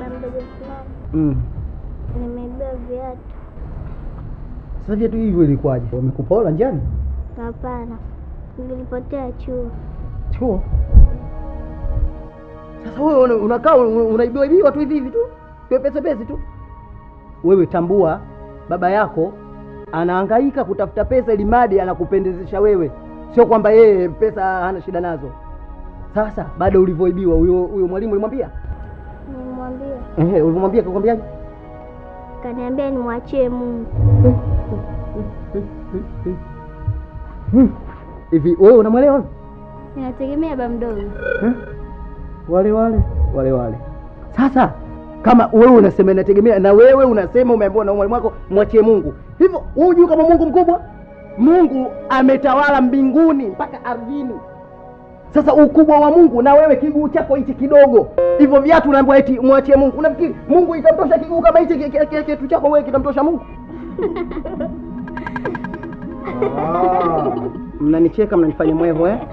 baba mm. viatu. Sasa viatu hivyo ilikuwaje? Wamekupola njani Hapana, nilipotea chuo. Chuo? Sasa wewe unakaa unaibiwa hivi tu hivi hivi tu pesa pesa tu. Wewe tambua, baba yako anahangaika kutafuta pesa ili madi anakupendezesha wewe, sio kwamba yeye pesa hana shida nazo. Sasa bado ulivyoibiwa, huyo huyo mwalimu ulimwambia Nilimwambia. Eh, ulimwambia akakwambiaje? Kaniambia nimwachie Mungu. Hivi wewe unamwelewa? Inategemea baba mdogo. Wale wale wale wale. Sasa kama wewe unasema inategemea, na wewe unasema umeambiwa na mwalimu wako mwachie Mungu, hivyo unajua kama Mungu mkubwa? Mungu ametawala mbinguni mpaka ardhini. Sasa ukubwa wa Mungu na wewe kiguu chako hichi kidogo, hivyo viatu unaambiwa eti mwachie Mungu. Unafikiri Mungu itamtosha kiguu kama hichi kitu chako wewe kitamtosha Mungu? Ah, mnanicheka, mnanifanya mwevo eh?